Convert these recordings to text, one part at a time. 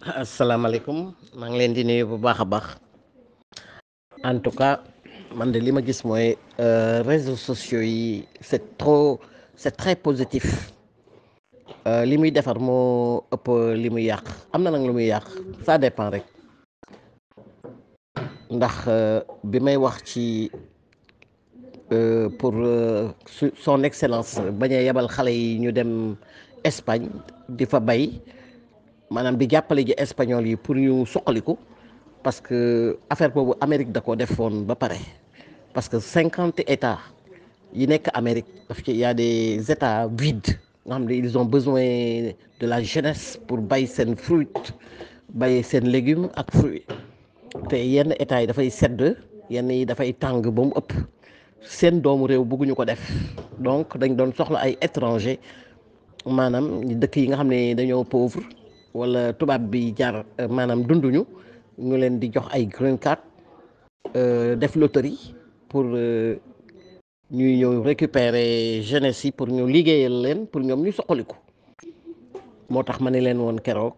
asalaamaaleykum maa ngi leen di nuyu bu baax a baax en tout cas man de li ma gis mooy euh, réseaux sociaux yi c'est trop c'est très positif euh, li muy defar moo ëpp li muy yàq am na nag lu muy yàq ça dépend rek ndax euh, bi may wax ci pour son excellence bañ a yebal xale yi ñu dem Espagne di fa bay maanaam bi jàppale ji espagnol yi pour ñu suqaliku parce que affaire boobu Amérique da ko foon ba pare parce que cinquante états yi nekk Amérique daf ci y a des états vides nga xam ne ils ont besoin de la jeunesse pour bay seen fruit bay seen légume ak fruit te yenn états yi dafay sedd yenn yi dafay tàng ba mu ëpp seen doomu réew bëgguñu ko def donc dañ doon soxla ay étranger maanaam dëkk yi nga xam ne dañoo pauvre wala tubaab bi jaar euh, maanaam dunduñu ñu leen di jox ay green card euh, def loterie pour euh, ñuy ñëw récupérer jeunesse yi pour ñu liggéeyal leen pour ñoom ñu soqaliku moo tax ma ne leen woon keroog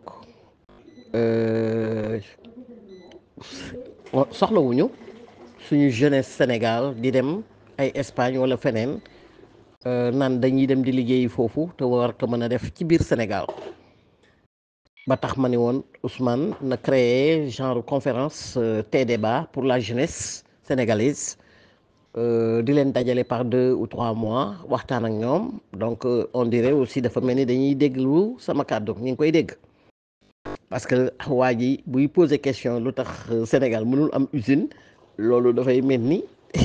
soxlawuñu suñu jeunesse Sénégal di dem ay Espagne wala feneen naan dañuy dem di liggéeyi foofu te war ko mën a def ci biir Sénégal. ba tax ma ni woon Ousmane na créé genre conférence euh, té débat pour la jeunesse sénégalaise euh, di leen dajale par deux ou trois mois waxtaan ak ñoom donc euh, on dirait aussi dafa mel ni dañuy déglu sama kàddu ñu ngi koy dégg parce que waa ji buy poser question lu tax Sénégal mënul am usine loolu dafay mel ni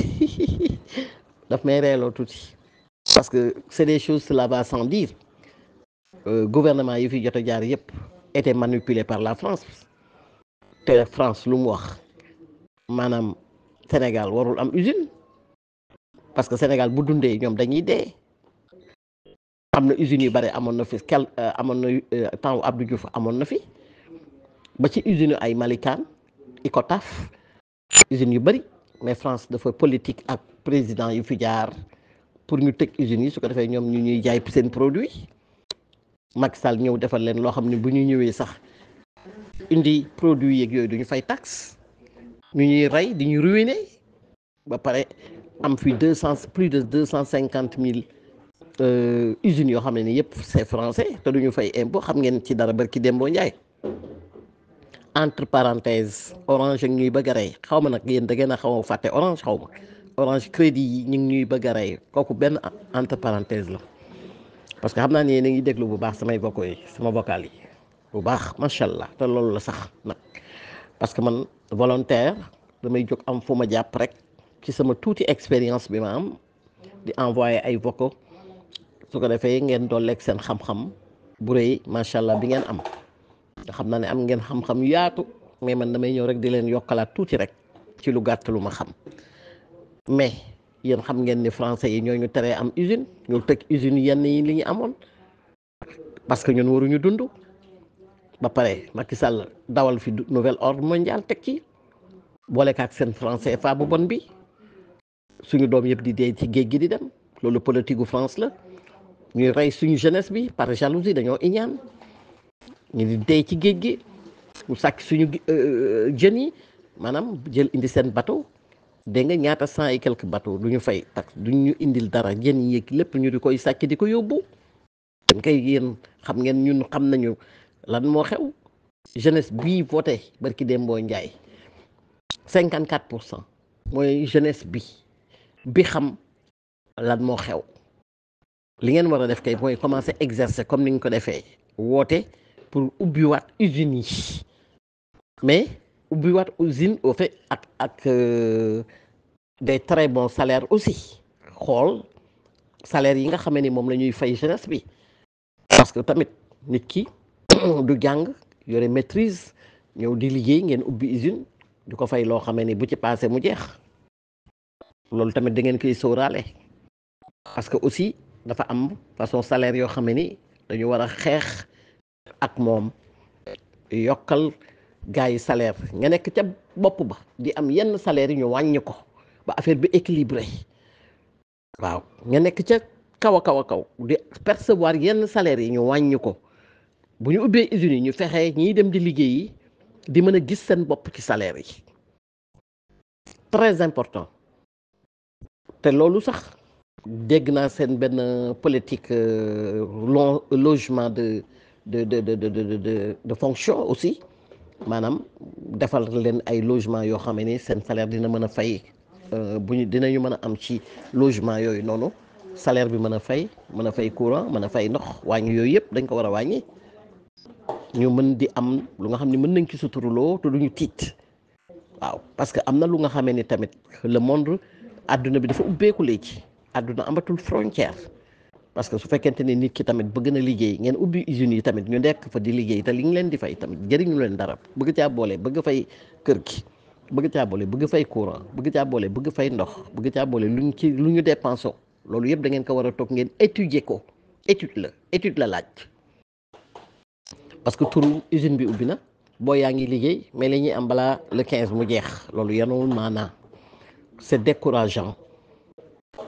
daf may reeloo tuuti parce que c'est des choses cela va sans dire gouvernement yi fi jot a jaar yëpp été manipulé par la France te France lu mu wax maanaam Sénégal warul am usine parce que Sénégal bu dundee ñoom dañuy de am na usines yu bare amoon na fi kel euh, amoon na euh, temps Abdou Diouf amoon na fi ba ci usine ay Malikaan Icotaf usines yu bëri mais France dafa politique ak président yu fi jaar pour ñu tëj usines yi su ko defee ñoom ñu ñuy jaay seen produit Macky Sall ñëw defal leen loo xam ne bu ñu ñëwee sax indi produit yeeg yooyu duñu fay tax ñu ñuy rey di ñu ruiné ba pare am fi deux cent plus de deux cent cinquante mille euh, usines yoo xam ne ni yëpp c'est français te duñu fay impôt xam ngeen ci dara barki Dembo Ndiaye entre parenthèse orange ak ñuy bëgg a rey xaw ma nag yéen da ngeen a xaw a fàtte orange xaw ma orange crédit yi ñu ngi ñuy bëgg a rey kooku benn entre parenthèse la. parce que xam naa ni yéen a ngi déglu bu baax samay sama vocal yi bu baax macha allah te loolu la sax nag parce que man volontaire damay jóg am fu ma jàpp rek ci sama tuuti expérience bi ma am di envoyé ay vocaux su ko defee ngeen lekk seen xam-xam bu rëy macha allah bi ngeen am nga xam naa ne am ngeen xam-xam yaatu mais man damay ñëw rek di leen yokkalaat tuuti rek ci lu gàtt lu ma xam mais. yéen xam ngeen ni français yi ñoo ñu teree am usine ñoo tëj usine yenn yi li ñu amoon parce que ñun waruñu dund ba pare Macky Sall dawal fi nouvelle ordre mondial teg ci boole kaak seen français fa bu bon bi suñu doom yëpp di dee ci géej gi di dem loolu politique France la ñuy rey suñu jeunesse bi par jalousie dañoo iñaan ñu di dee ci géej gi mu sàkk suñu euh, jeunes yi maanaam jël indi seen bateau. dégg nga ñaata cent et quelques bateaux du ñu fay tax du ñu indil dara jën yéeg lépp ñu di koy sàcc di ko yóbbu dañ koy yéen xam ngeen ñun xam nañu lan moo xew jeunesse bii voté barki Dembo Ndiaye cinquante quatre pour cent mooy jeunesse bi bi xam lan moo xew li ngeen war a def kay mooy commencer exercer comme ni nga ko defee woote pour ubbiwaat usines yi mais ubbiwaat usine au fait ak ak euh, des très bon salaires aussi xool salaire yi nga xamee ni moom la ñuy fay jeunesse bi parce que tamit nit ki du jàng yore maîtrise ñëw di liggéey ngeen ubbi usine di ko fay loo xamee ni bu ci passé mu jeex loolu tamit da ngeen koy sóoraale parce que aussi dafa am façon salaire yoo xamee ni dañu war a xeex ak moom yokkal gars yi salaire nga nekk ca bopp ba di am yenn salaire yi ñu wàññi ko ba affaire bi équilibré waaw nga nekk ca kaw a kaw a kaw di percevoir yenn salaire yi ñu wàññi ko bu ñu ubbee usines yi ñu fexee ñiy dem di liggéeyi di mën a gis seen bopp ci salaire yi très important te loolu sax dégg naa seen benn politique euh, logement de de de de de de de fonction aussi. maanaam defal leen ay logement yoo xam ne seen salaire dina mën a fay euh, bu ñu dinañu mën a am ci logement yooyu noonu salaire bi mën a fay mën a fay courant mën a fay ndox wàññi yooyu yëpp dañ ko war a wàññi ñu mën di am lu nga xam ne mën nañ ci suturloo te ñu tiit waaw parce que am na lu nga xamee ni tamit le monde àdduna bi dafa ubbeeku ci àdduna amatul frontière parce que su fekkente ne nit ki tamit bëgg na liggéey ngeen ubbi usines yi tamit ñu nekk fa di liggéey te li ñu leen di fay tamit jëriñu leen dara bëgg caa boole bëgg fay kër gi bëgg caa boole bëgg fay courant bëgg caa boole bëgg fay ndox bëgg caa boole luñ ci lu ñu dépensé loolu yëpp dangeen ko war a toog ngeen étudier ko étude la étude la laaj parce que turu usine bi ubbi na boo yaa ngi liggéey mais la ñuy am balaa le quinze mu jeex loolu yanowul maanaa c'est décourageant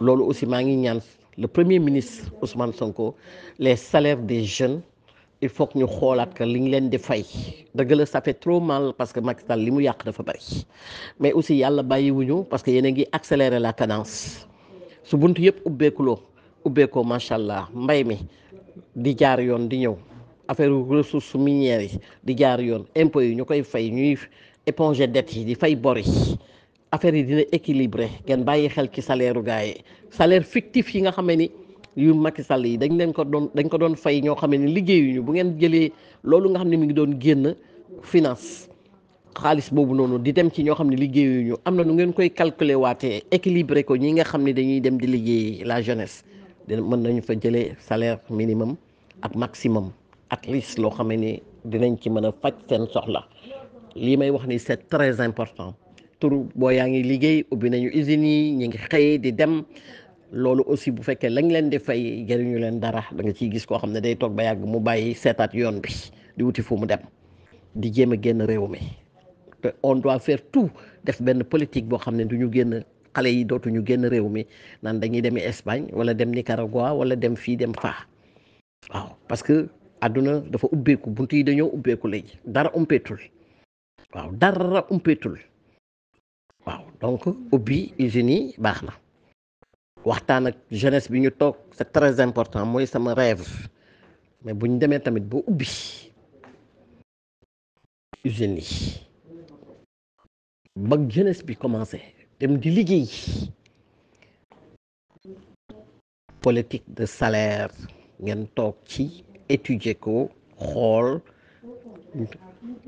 loolu aussi maa ngi le premier ministre Ousmane Sonko les salaires des jeunes il faut ñu xoolaat que li ñu leen di fay dëgg la ça fait trop mal parce que Macky Sall li mu yàq dafa bari mais aussi yàlla bàyyiwuñu parce que yéen a ngi accélérer la cadence su bunt yëpp ubbeekuloo ubbeekoo macha allah mbay mi di jaar yoon di ñëw affaire su minières yi di jaar yoon impôts yi ñu koy fay ñuy éponger dettes yi di fay bori affaire yi dina équilibré ngeen bàyyi xel ci salaire u gars yi salaire fictif yi nga xam ni yu Macky Sall yi dañ leen ko doon dañ ko doon fay ñoo xam ne liggéeyuñu bu ngeen jëlee loolu nga xam ne mu ngi doon génn finance xaalis boobu noonu di dem ci ñoo xam ne ñu am na nu ngeen koy calculer waatee équilibré ko ñi nga xam ne dañuy dem di liggéey la jeunesse dina mën nañu fa jëlee salaire minimum ak maximum at least loo xam ne dinañ ci mën a faj seen soxla lii may wax ni c'est très important. tur boo yaa ngi liggéey ubbi nañu usines yi ñu ngi xëy di dem loolu aussi bu fekkee lañ leen di fay jëriñu leen dara da nga ciy gis koo xam ne day toog ba yàgg mu bàyyi seetaat yoon bi di wuti fu mu dem di jéem a génn réew mi te on doit faire tout def benn politique boo xam ne du ñu génn xale yi dootuñu génn réew mi nan dañuy demi Espagne wala dem Nicaragua wala dem fii dem faa waaw parce que adduna dafa ubbeeku bunt yi dañoo ubbeeku léegi dara umpeetul waaw waaw donc ubbi usines yi baax na waxtaan ak jeunesse bi ñu toog c'est très important mooy sama rêve mais bu demee tamit bu ubbi usines yi ba jeunesse bi commencé dem di liggéey politique de salaire ngeen toog ci étudier ko xool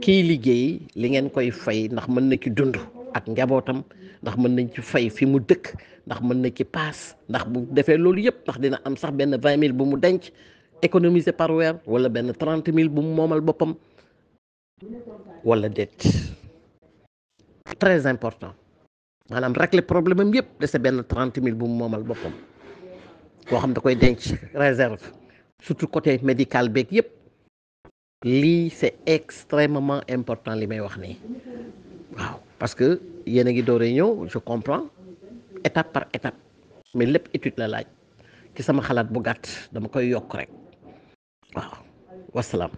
kiy liggéey li ngeen koy fay ndax mën na ki dund ak njabootam ndax mën nañ ci fay fi mu dëkk ndax mën na ci paas ndax bu defee loolu yëpp ndax dina am sax benn vingt mille bu mu denc économiser par weer wala benn trente mille bu mu moomal boppam wala déet très important maanaam régler problème am yëpp dese benn trente mille bu mu moomal boppam boo xam da koy denc réserve surtout côté médical beeg yëpp lii c'est extrêmement important li may wax nii waaw parce que yéen a ngi dooree ñëw je comprends étape par étape mais lépp étude la laaj ci sama xalaat bu gàtt dama koy yokk rek waaw wasalaam.